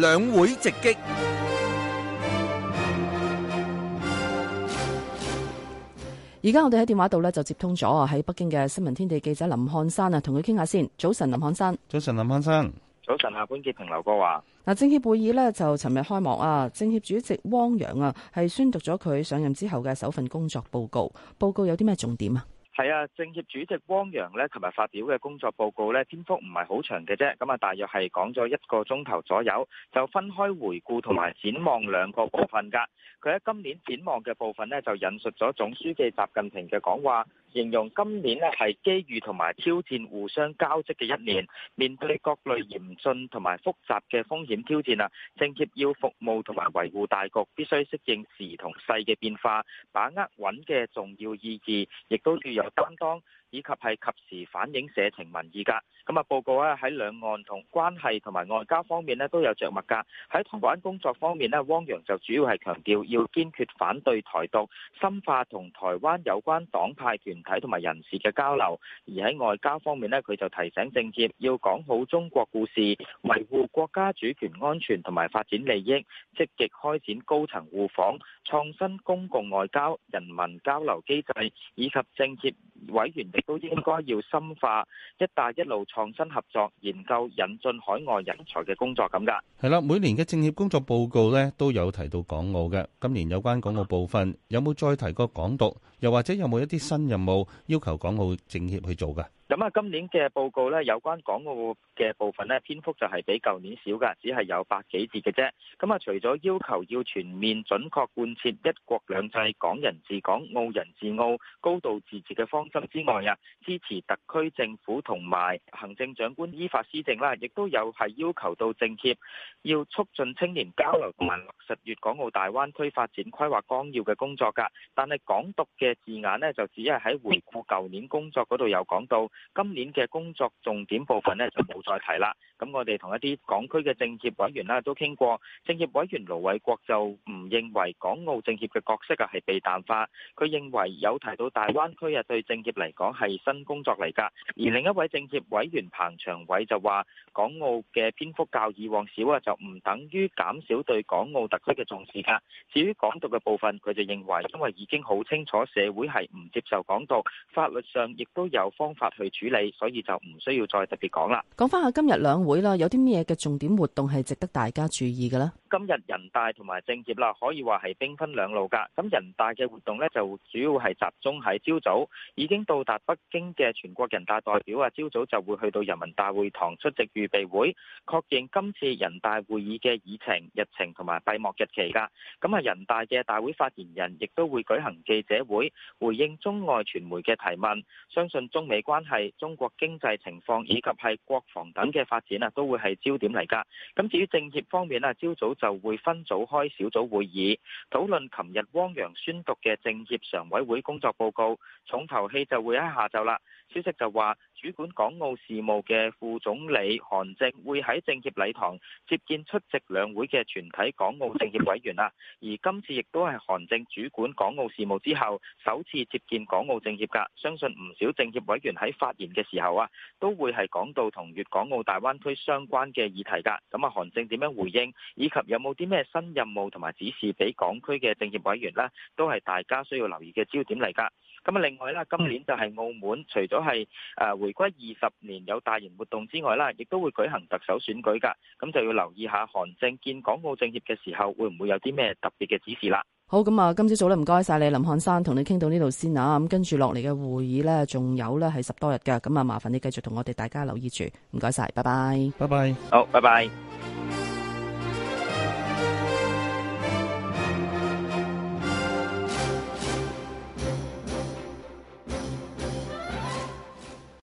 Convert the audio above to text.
兩會直擊，而家我哋喺電話度呢，就接通咗喺北京嘅新聞天地記者林漢山啊，同佢傾下先。早晨，林漢山。早晨，林漢山。早晨啊，潘潔平，劉國華，嗱，政協會議呢，就尋日開幕啊，政協主席汪洋啊係宣讀咗佢上任之後嘅首份工作報告，報告有啲咩重點啊？係啊，政協主席汪洋呢，琴日發表嘅工作報告呢，篇幅唔係好長嘅啫，咁啊，大約係講咗一個鐘頭左右，就分開回顧同埋展望兩個部分㗎。佢喺今年展望嘅部分呢，就引述咗總書記習近平嘅講話。形容今年呢係機遇同埋挑戰互相交織嘅一年，面對各類嚴峻同埋複雜嘅風險挑戰啊，政協要服務同埋維護大局，必須適應時同勢嘅變化，把握穩嘅重要意義，亦都要有擔當，以及係及時反映社情民意㗎，咁啊報告咧喺兩岸同關係同埋外交方面咧都有著墨㗎。喺台灣工作方面咧，汪洋就主要係強調要堅決反對台獨，深化同台灣有關黨派團體同埋人士嘅交流。而喺外交方面咧，佢就提醒政協要講好中國故事，維護國家主權安全同埋發展利益，積極開展高層互訪，創新公共外交、人民交流機制，以及政協委員嘅都應該要深化“一帶一路”創新合作、研究引進海外人才嘅工作咁噶。係啦，每年嘅政協工作報告咧都有提到港澳嘅，今年有關港澳部分有冇再提過港獨？又或者有冇一啲新任務要求港澳政協去做㗎？咁啊，今年嘅報告咧，有關港澳嘅部分咧，篇幅就係比舊年少噶只係有百幾字嘅啫。咁、嗯、啊，除咗要求要全面準確貫徹一國兩制、港人治港、澳人治澳、高度自治嘅方針之外啊，支持特區政府同埋行政長官依法施政啦，亦都有係要求到政協要促進青年交流同埋落實粵港澳大灣區發展規劃綱要嘅工作噶。但係港獨嘅字眼咧，就只係喺回顧舊年工作嗰度有講到。今年嘅工作重點部分呢，就冇再提啦。咁我哋同一啲港區嘅政協委員啦都傾過。政協委員盧偉國就唔認為港澳政協嘅角色啊係被淡化。佢認為有提到大灣區啊對政協嚟講，係新工作嚟噶。而另一位政協委員彭長偉就話，港澳嘅篇幅較以往少啊，就唔等於減少對港澳特區嘅重視㗎。至於港獨嘅部分，佢就認為，因為已經好清楚社會係唔接受港獨，法律上亦都有方法去。處理，所以就唔需要再特別講啦。講翻下今日兩會啦，有啲咩嘅重點活動係值得大家注意嘅咧？今日人大同埋政協啦，可以話係兵分兩路噶，咁人大嘅活動咧，就主要係集中喺朝早。已經到達北京嘅全國人大代表啊，朝早就會去到人民大會堂出席預備會，確認今次人大會議嘅議程、日程同埋閉幕日期噶，咁啊，人大嘅大會發言人亦都會舉行記者會，回應中外傳媒嘅提問，相信中美關係、中國經濟情況以及係國防等嘅發展啊，都會係焦點嚟噶，咁至於政協方面啊朝早。就會分組開小組會議，討論琴日汪洋宣讀嘅政協常委會工作報告。重頭戲就會喺下晝啦。消息就話，主管港澳事務嘅副總理韓正會喺政協禮堂接見出席兩會嘅全體港澳政協委員啦，而今次亦都係韓正主管港澳事務之後首次接見港澳政協噶，相信唔少政協委員喺發言嘅時候啊，都會係講到同粵港澳大灣區相關嘅議題噶。咁啊，韓正點樣回應，以及有冇啲咩新任務同埋指示俾港區嘅政協委員啦，都係大家需要留意嘅焦點嚟噶。咁啊，另外啦，今年就係澳門除咗係誒會回歸二十年有大型活動之外啦，亦都會舉行特首選舉噶，咁就要留意下韓正見港澳政協嘅時候，會唔會有啲咩特別嘅指示啦？好，咁啊，今朝早咧，唔該晒你，林漢山，同你傾到呢度先啊，咁跟住落嚟嘅會議呢，仲有呢係十多日噶，咁啊，麻煩你繼續同我哋大家留意住，唔該晒，拜拜，拜拜，好，拜拜。